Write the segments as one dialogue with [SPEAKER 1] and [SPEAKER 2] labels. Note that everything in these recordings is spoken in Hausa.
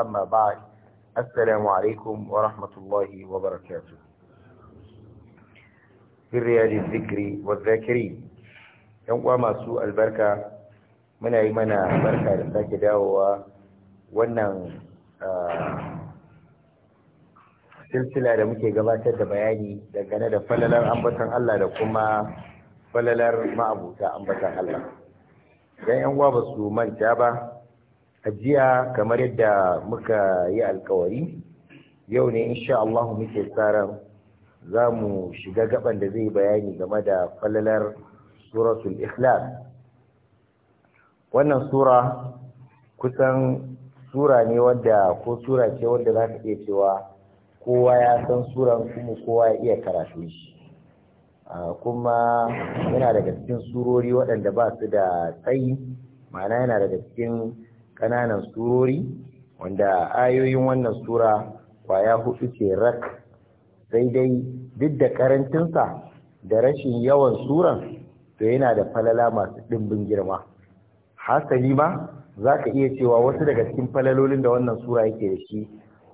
[SPEAKER 1] أما بعد السلام عليكم ورحمة الله وبركاته في رياض الذكر والذاكرين يوم ما سوء البركة من أيمنا بركة لساك داوة wannan silsila da muke gabatar da bayani dangane da falalar ambatan Allah da kuma falalar ma'abota ambatan Allah. Idan 'yan uwa ba su manta ba, ajiya kamar yadda muka yi alkawari yau ne insha Allah muke tsaron za mu shiga gaban da zai bayani game da falalar suratul ikhlas wannan sura kusan sura ne wadda ko sura ce wadda za ka iya cewa kowa ya san suran kuma kowa ya iya karatu shi kuma yana daga cikin surori waɗanda ba su da tsayi ma'ana yana daga cikin ƙananan surori wanda ayoyin wannan sura kwaya hudu ce rak sai dai duk da ƙarancinsa da rashin yawan suran to yana da falala masu ɗimbin girma hasali ma za ka iya cewa wasu daga cikin falalolin da wannan sura yake da shi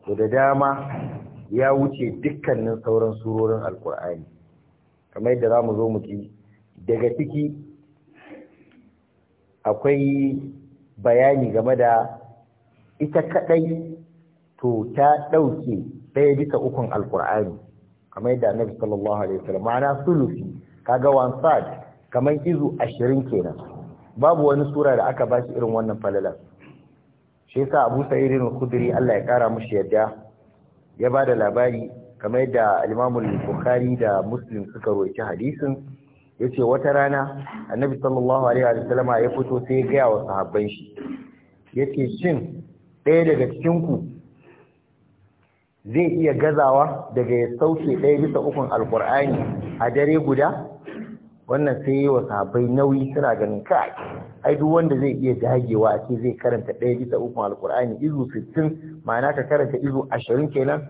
[SPEAKER 1] to da dama ya wuce dukkanin sauran surorin alkur'ani kamar yadda za mu zo mu ji daga ciki akwai bayani game da ita kadai to ta dauke ɗaya bisa ukun alkur'ani kamar yadda annabi sallallahu alaihi wasallam ma'ana sulusi kaga wan sad kamar izu 20 kenan babu wani sura da aka ba shi irin wannan falalar. shi yasa Abu Sa'id al-Khudri Allah ya kara mushi yadda ya bada labari kamar yadda Imam al-Bukhari da Muslim suka roki hadisin yace wata rana annabi sallallahu alaihi wa sallam ya fito sai ya gaya wa sahabban shi yace shin ɗaya daga cikin ku zai iya gazawa daga ya sauke ɗaya bisa ukun alkur'ani a dare guda wannan sai yi wa sahabbai nauyi suna ganin kai ai duk wanda zai iya dagewa a ce zai karanta ɗaya bisa ukun alkur'ani izu 15 ma'ana ka karanta izu 20 kenan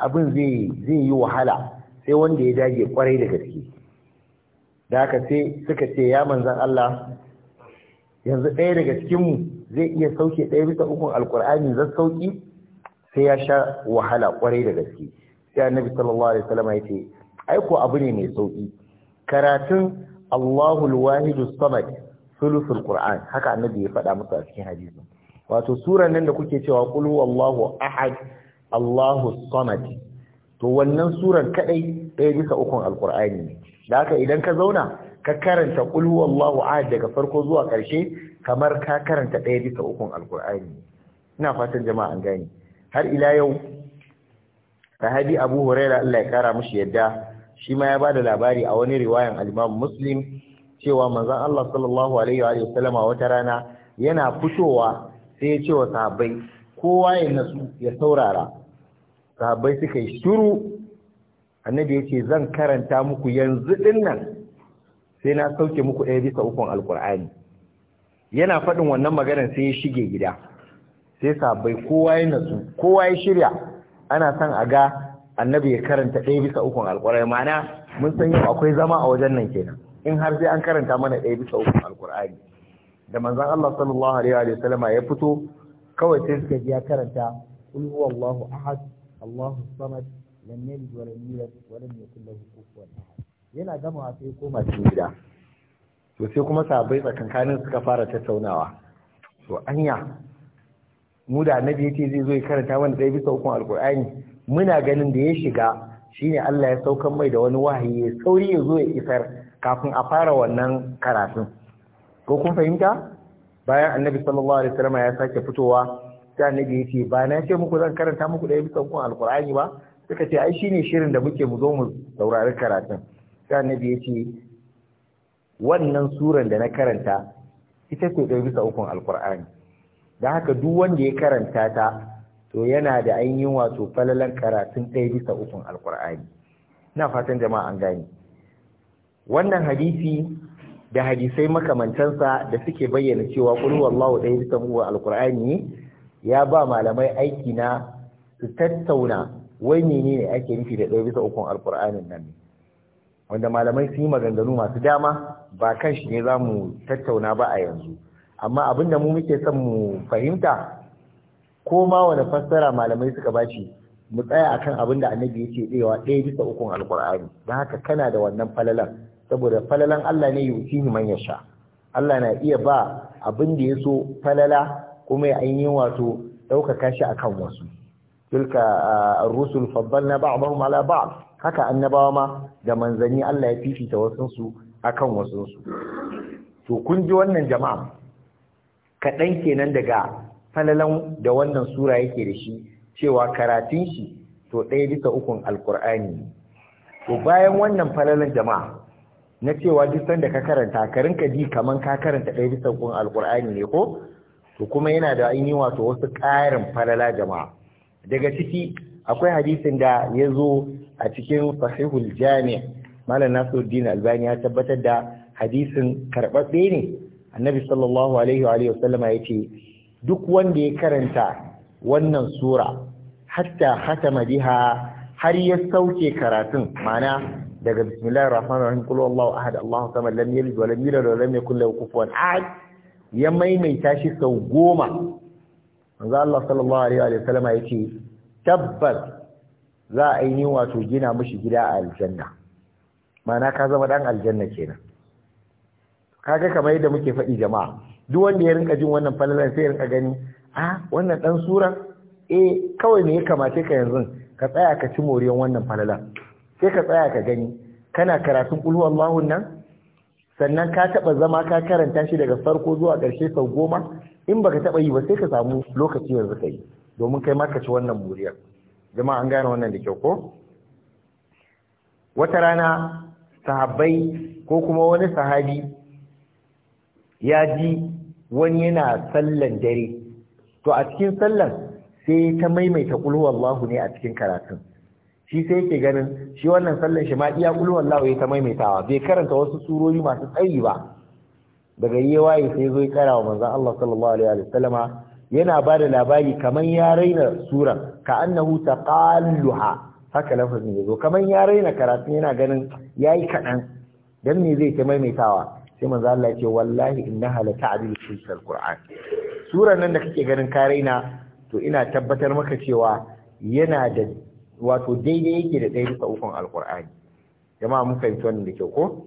[SPEAKER 1] abin zai yi wahala sai wanda ya dage kwarai da gaske da aka ce suka ce ya manzan Allah yanzu ɗaya daga cikinmu zai iya sauke ɗaya bisa ukun alkur'ani zan sauki sai ya sha wahala kwarai da gaske sai annabi sallallahu alaihi wasallam ya ce aiko abu ne mai sauki karatun Allahul Wahidus Samad sulusul Qur'an haka annabi ya faɗa musu a cikin hadisi wato suran nan da kuke cewa qul huwallahu ahad Allahu samad to wannan suran kadai ɗaya bisa ukun alkur'ani ne da haka idan ka zauna ka karanta qul huwallahu ahad daga farko zuwa ƙarshe kamar ka karanta ɗaya bisa ukun alƙur'ani ina fatan jama'a an gane har ila yau sahabi Abu huraira Allah ya kara mushi yadda shi ma ya bada labari a wani riwayan al-Imam Muslim cewa manzon Allah sallallahu alaihi wa sallama wata rana yana fitowa sai ya ce wa sahabbai kowa ya nasu ya saurara sahabbai suka yi shiru annabi ya ce zan karanta muku yanzu ɗin nan sai na sauke muku ɗaya bisa ukun alkur'ani yana faɗin wannan maganar sai ya shige gida sai sabai kowa ya nasu kowa ya shirya ana son a ga annabi ya karanta ɗaya bisa ukun alkur'ani ma'ana mun san yau akwai zama a wajen nan kenan in har sai an karanta mana ɗaya bisa ukun alkur'ani da manzon Allah sallallahu alaihi wa sallama ya fito kawai sai suka ji ya karanta kul huwallahu ahad Allahu samad lam yalid wa lam yulad wa lam yakul lahu kufuwan ahad yana gamawa sai koma cikin gida to sai kuma sabai tsakankanin suka fara tattaunawa to anya mu da annabi yace zai zo ya karanta mana dai bisa hukun alqur'ani muna ganin da ya shiga Shi ne Allah ya saukan mai da wani wahayi ya sauri ya zo ya isar kafin a fara wannan karatun ko kun fahimta bayan annabi sallallahu alaihi wasallam ya sake fitowa sai annabi yace ba na ce muku zan karanta muku dai bisa hukun alqur'ani ba suka ce ai shine shirin da muke mu zo mu saurari karatun sai annabi ya ce wannan suran da na karanta ita ce ɗaya bisa ukun alkur'ani da haka duk wanda ya karanta ta to yana da ainihin wato falalan karatun ɗaya bisa ukun alkur'ani ina fatan jama'a an gane wannan hadisi da hadisai makamantansa da suke bayyana cewa qul huwallahu ɗaya bisa ukun alkur'ani ya ba malamai aiki na su tattauna wai menene ake nufi da ɗaya bisa ukun alkur'anin nan wanda malamai sun yi maganganu masu dama ba kan shi ne za mu tattauna ba a yanzu amma abin da mu muke son mu fahimta ko ma wani fassara malamai suka bace mu tsaya akan abin da annabi ya ce ɗewa ɗaya bisa ukun alkur'ani don haka kana da wannan falalan saboda falalan Allah ne yutihi man sha. Allah na iya ba abin da ya so falala kuma ya ainihin wato ɗaukaka shi akan wasu tilka rusul faddalna ba ala ba'd haka annabawa ma da manzanni Allah ya fifita wasun su akan wasun su to kun ji wannan jama'a kaɗan kenan daga falalan da wannan sura yake da shi cewa karatun shi to ɗaya bisa ukun alkur'ani to bayan wannan falalan jama'a na cewa duk sanda ka karanta ka ji kaman ka karanta ɗaya bisa ukun alkur'ani ne ko to kuma yana da ainihi wato wasu ƙarin falala jama'a daga ciki akwai hadisin da ya zo a cikin fasihul jami'a malam nasiruddin albani ya tabbatar da hadisin karɓaɓɓe ne annabi sallallahu alaihi wa alihi wasallama ya ce duk wanda ya karanta wannan sura hatta hatama biha har ya sauke karatun ma'ana daga bismillahir rahmanir rahim qul wallahu ahad allahu samad lam yalid wa lam yulad wa lam yakul lahu kufuwan ahad ya maimaita shi sau goma manzo Allah sallallahu alaihi wa sallama ce tabbas za a yi wato gina mishi gida a aljanna ma'ana ka zama dan aljanna kenan kaga kamar yadda muke faɗi jama'a duk wanda ya rinka jin wannan falalan sai ya rinka gani a wannan dan sura eh kawai me ya kamace ka yanzu ka tsaya ka ci moriyan wannan falalan sai ka tsaya ka gani kana karatun kulhu Allahun nan sannan ka taba zama ka karanta shi daga farko zuwa ƙarshe sau goma in baka taba yi ba sai ka samu lokaci yanzu ka yi domin kai ma ka ci wannan muriyar jama'a an gane wannan da kyau ko wata rana sahabbai ko kuma wani sahabi ya ji wani yana sallan dare to a cikin sallan sai ta maimaita kulhu ne a cikin karatun shi sai yake ganin shi wannan sallan shi ma iya kulhu ya ta maimaitawa bai karanta wasu surori masu tsayi ba daga yi waye sai zo ya kara wa manzan Allah sallallahu alaihi wa sallama yana ba da labari kamar ya raina sura ka annahu taqalluha haka lafazin yazo kamar ya raina karatu yana ganin yayi kadan dan me zai ta maimaitawa sai manzo Allah ya ce wallahi innaha la ta'dil fi alquran suran nan da kake ganin ka raina to ina tabbatar maka cewa yana da wato daidai yake da ɗaya bisa ukun alqur'ani jama'a mun fahimci wannan da kyau ko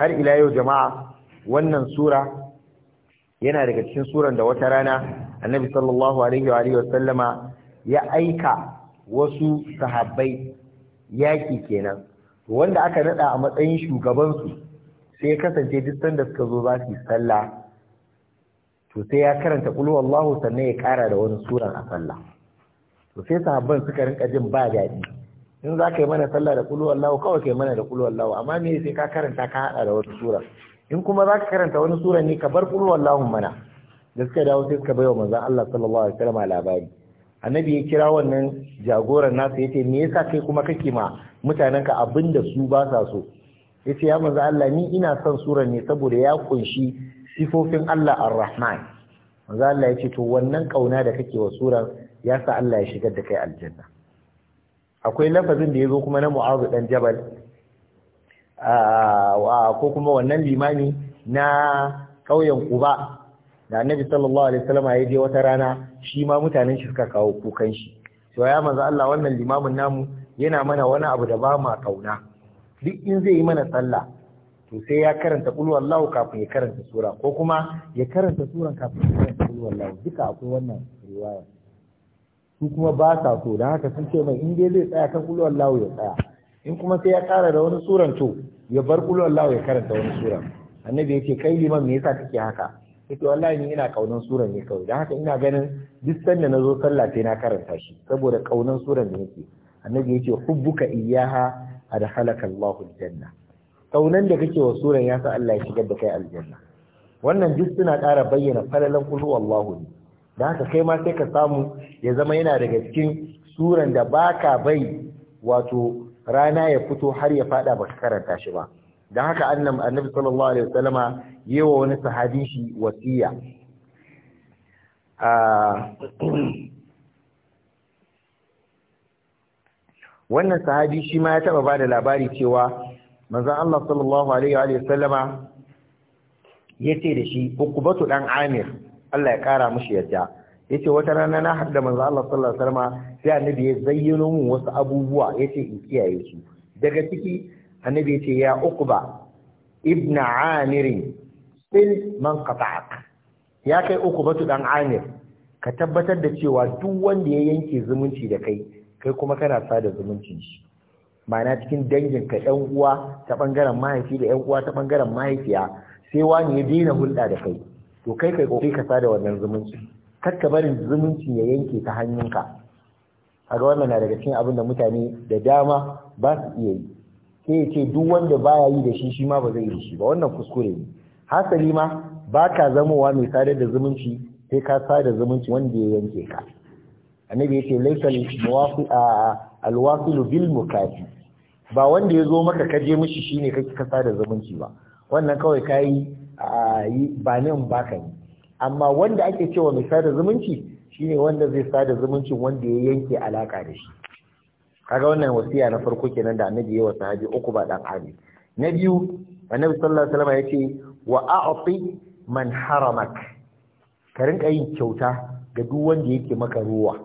[SPEAKER 1] har ila yau jama'a wannan sura yana daga cikin suran da wata rana annabi sallallahu alaihi wa alihi wasallama ya aika wasu sahabbai yaki kenan wanda aka nada a matsayin shugaban su sai ya kasance duk sanda suka zo za su yi sallah to sai ya karanta qul huwallahu sannan ya kara da wani suran a sallah to sai sahabban suka rinka jin ba daɗi in za ka yi mana sallah da qul huwallahu kawai kai mana da qul huwallahu amma me sai ka karanta ka hada da wata sura in kuma za ka karanta wani sura ne ka bar kullu wallahu mana da suka dawo sai suka wa manzan Allah sallallahu alaihi wasallam labari annabi ya kira wannan jagoran nasa yace me yasa kai kuma kake ma abin da su ba sa so yace ya manzan Allah ni ina son suran ne saboda ya kunshi sifofin Allah Ar-Rahman manzan Allah yace to wannan kauna da kake wa suran ya sa Allah ya shigar da kai aljanna akwai lafazin da ya zo kuma na Mu'adh dan Jabal ko kuma wannan limami na ƙauyen Quba da Annabi sallallahu alaihi wasallam ya je wata rana shi ma mutanen shi suka kawo kukan shi to ya manzo Allah wannan limamin namu yana mana wani abu da ba ma kauna duk in zai yi mana sallah to sai ya karanta qul wallahu kafin ya karanta sura ko kuma ya karanta suran kafin ya karanta qul wallahu duka akwai wannan riwaya su kuma ba sa so don haka sun ce mai in dai zai tsaya kan qul wallahu ya tsaya in kuma sai ya ƙara da wani suran to ya bar kullu Allah ya karanta wani suran annabi yace kai liman me yasa kake haka ce, wallahi ni ina kaunan suran ne kawai dan haka ina ganin duk sanda nazo sallah sai na karanta shi saboda kaunan suran ne yake annabi yake hubbuka iyyaha adkhalaka Allahu aljanna kaunan da kake wa suran ya sa Allah ya shigar da kai aljanna wannan duk suna ƙara bayyana falalan kullu wallahu ne dan haka kai ma sai ka samu ya zama yana daga cikin suran da baka bai wato rana ya fito har ya fada ba karanta shi ba dan haka annabi sallallahu alaihi wasallama yewa wani sahabi shi wasiya ah, wannan sahabi shi ma ya taba bada labari cewa manzon Allah sallallahu alaihi wasallama yace da shi ukubatu dan amir Allah ya kara mushi yadda yace wata rana na hadda manzon Allah sallallahu alaihi wasallama sai annabi ya zayyano mun wasu abubuwa ya ce in kiyaye su daga ciki annabi ya ce ya ukba ibn amir sil man qata'ak ya kai uqbatu dan amir ka tabbatar da cewa duk wanda ya yanke zumunci da kai kai kuma kana sada zumunci shi ma'ana cikin dangin ka ɗan uwa ta bangaren mahaifi da 'yan uwa ta bangaren mahaifiya sai wani ya daina hulɗa da kai to kai kai ka sada wannan zumunci kar ka barin zumuncin ya yanke ta hannunka kaga wannan na daga cikin abin da mutane da dama ba su iya yi sai ya ce duk wanda baya yi da shi shi ma ba zai yi shi ba wannan kuskure ne hasali ma ba ka zamowa mai sadar da zumunci sai ka sada zumunci wanda ya yanke ka annabi ya ce laisal muwafi alwasilu bil mukafi ba wanda ya zo maka kaje mishi shine kake ka sada zumunci ba wannan kawai kai ba nan baka ne amma wanda ake cewa mai sada zumunci Shi ne wanda zai sada zumuncin wanda ya yanke alaka da shi kaga wannan wasiya na farko kenan da annabi ya wasa sahabi uku ba dan ali na biyu annabi sallallahu alaihi wasallam yace wa a'ti man haramak ka rinka yin kyauta ga duk wanda yake maka ruwa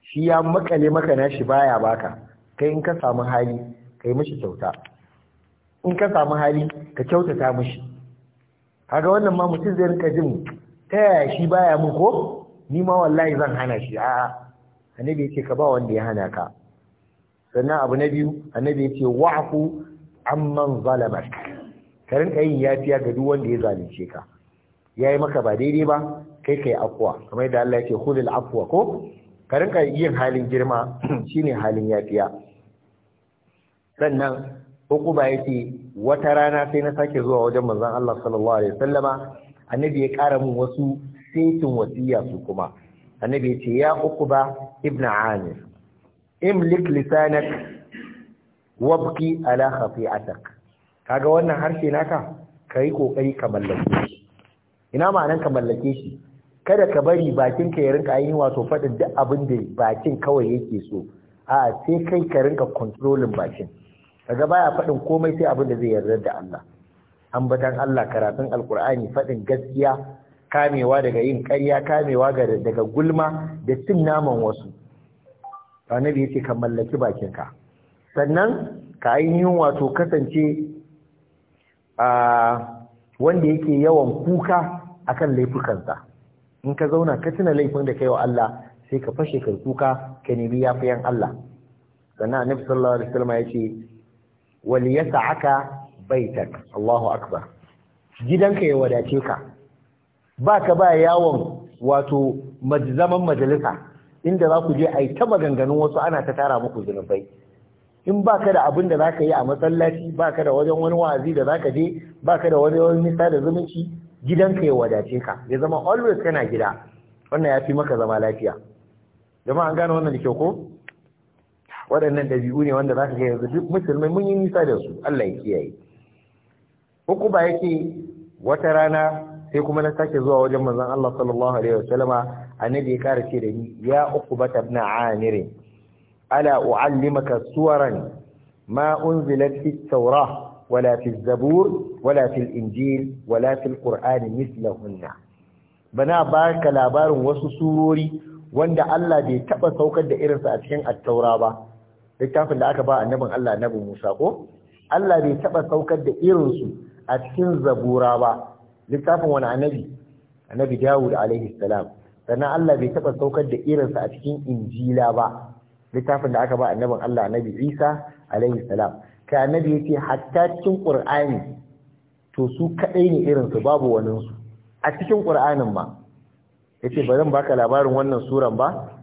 [SPEAKER 1] shi ya makale maka nashi baya baka kai in ka samu hali kai mishi kyauta in ka samu hali ka kyautata mishi kaga wannan ma mutum zai rinka jin ta yaya shi baya mun ko ni ma wallahi zan hana shi a'a annabi yake ka ba wanda ya hana ka sannan abu na biyu annabi yace wa'fu amman zalamak ka rinka yin yafiya ga duk wanda ya zalunce ka yayi maka ba daidai ba kai kai afwa kamar yadda Allah yake khulil afwa ko Karin rinka yin halin girma shine halin yafiya sannan hukuba yake wata rana sai na sake zuwa wajen manzon Allah sallallahu alaihi wasallama annabi ya kara mun wasu setin wasiya su kuma annabi ce ya uku ba, ibn amir imlik lisanak wabki ala khafi'atak kaga wannan harshe naka kai kokari ka mallake shi ina ma'anan ka mallake shi kada ka bari bakin ka ya rinka ainihin wato fadin duk abin da bakin kawai yake so a sai kai ka rinka controlling bakin kaga baya fadin komai sai abin da zai yarda da Allah ambatan Allah karatun alkur'ani fadin gaskiya kamewa daga yin ƙarya kamewa daga gulma da cin naman wasu annabi yace ka mallaki bakinka sannan ka ainihin wato kasance a wanda yake yawan kuka akan laifukansa in ka zauna ka tuna laifin da kai wa Allah sai ka fashe kai kuka ka nemi yafiyan Allah sannan annabi sallallahu alaihi wasallam yace wal yas'aka baitak Allahu akbar gidanka ya wadace ka ba ka ba yawon wato zaman majalisa inda za ku je a yi ta maganganun wasu ana ta tara muku zunubai in ba ka da abin da za ka yi a masallaci ba ka da wajen wani wa'azi da za ka je ba ka da wani wani nisa da zumunci gidanka ya wadace ka ya zama always kana gida wannan ya fi maka zama lafiya jama'a an gane wannan da kyau ko waɗannan ɗabi'u ne wanda za ka ga yanzu duk musulmai mun yi nisa da su Allah ya kiyaye uku ba yake wata rana sai kuma na sake zuwa wajen manzon Allah sallallahu alaihi wasallama annabi ya kara ce da ni ya uqbat ibn amir ala uallimaka suwaran ma unzilat fi tawrah wala fi zabur wala fi injil wala fi alquran mithlahunna bana baka labarin wasu surori wanda Allah bai taba saukar da irinsa a cikin at-taura ba littafin da aka ba annabin Allah annabi Musa ko Allah bai taba saukar da irinsu a cikin zabura ba littafin wani annabi annabi Dawud alaihi salam sannan Allah bai taɓa saukar da irinsa a cikin injila ba littafin da aka ba annabin Allah annabi Isa alaihi salam kai annabi yace hatta cikin ƙur'ani to su kadai ne irinsu babu wani su a cikin Qur'anin ma ce ba zan baka labarin wannan suran ba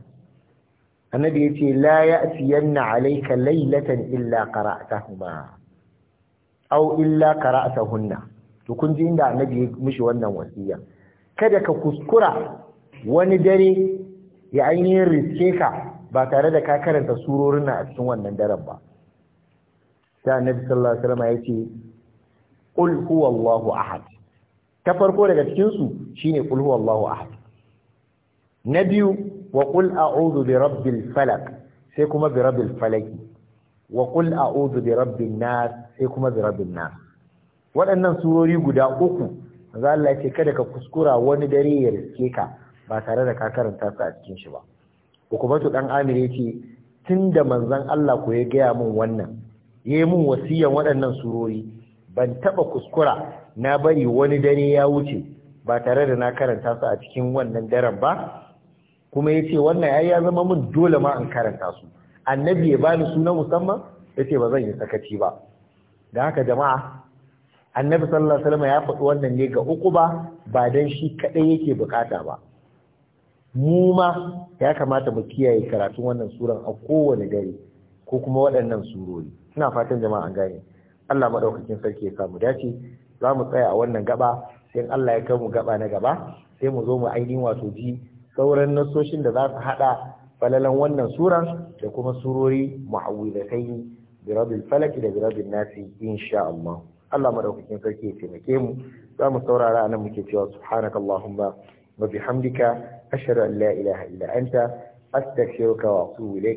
[SPEAKER 1] annabi ce la ya ya'tiyanna alayka laylatan illa qara'tahuma aw illa qara'tahunna to kun ji inda annabi ya mishi wannan wasiya kada ka kuskura wani dare ya ainihin riske ka ba tare da ka karanta surorin a cikin wannan daren ba sai annabi sallallahu alaihi wasallam ya ce qul huwallahu ahad ta farko daga cikin su shine qul huwallahu ahad na biyu wa qul a'udhu bi rabbil falaq sai kuma bi rabbil falaki wa qul a'udhu bi rabbin nas sai kuma bi rabbin nas waɗannan surori guda uku za Allah ce kada ka kuskura wani dare ya riske ka ba tare da ka karanta su a cikin shi ba hukumatu dan amir yace tunda manzon Allah ko ya gaya mun wannan yi mun wasiyan waɗannan surori ban taɓa kuskura na bari wani dare ya wuce ba tare da na karanta su a cikin wannan daren ba kuma yace wannan ai ya zama mun dole ma an karanta su annabi ya bani suna musamman yace ba zan yi sakaci ba da haka jama'a annabi sallallahu alaihi wasallam ya faɗi wannan ne ga uku ba ba dan shi kadai yake bukata ba mu ma ya kamata mu kiyaye karatun wannan suran a kowane dare ko kuma waɗannan surori ina fatan jama'a an gane Allah madaukakin sarki ya samu dace za mu tsaya a wannan gaba sai Allah ya kai mu gaba na gaba sai mu zo mu ainihin wato ji sauran nasoshin da za su hada falalan wannan suran da kuma surori mu'awwidatain bi rabbil falaq da bi rabbin nasi insha Allah Allah madaukakin sarki ya taimake mu za mu saurara anan muke cewa subhanakallahumma wa bihamdika ashhadu an la ilaha illa anta astaghfiruka wa atubu ilayk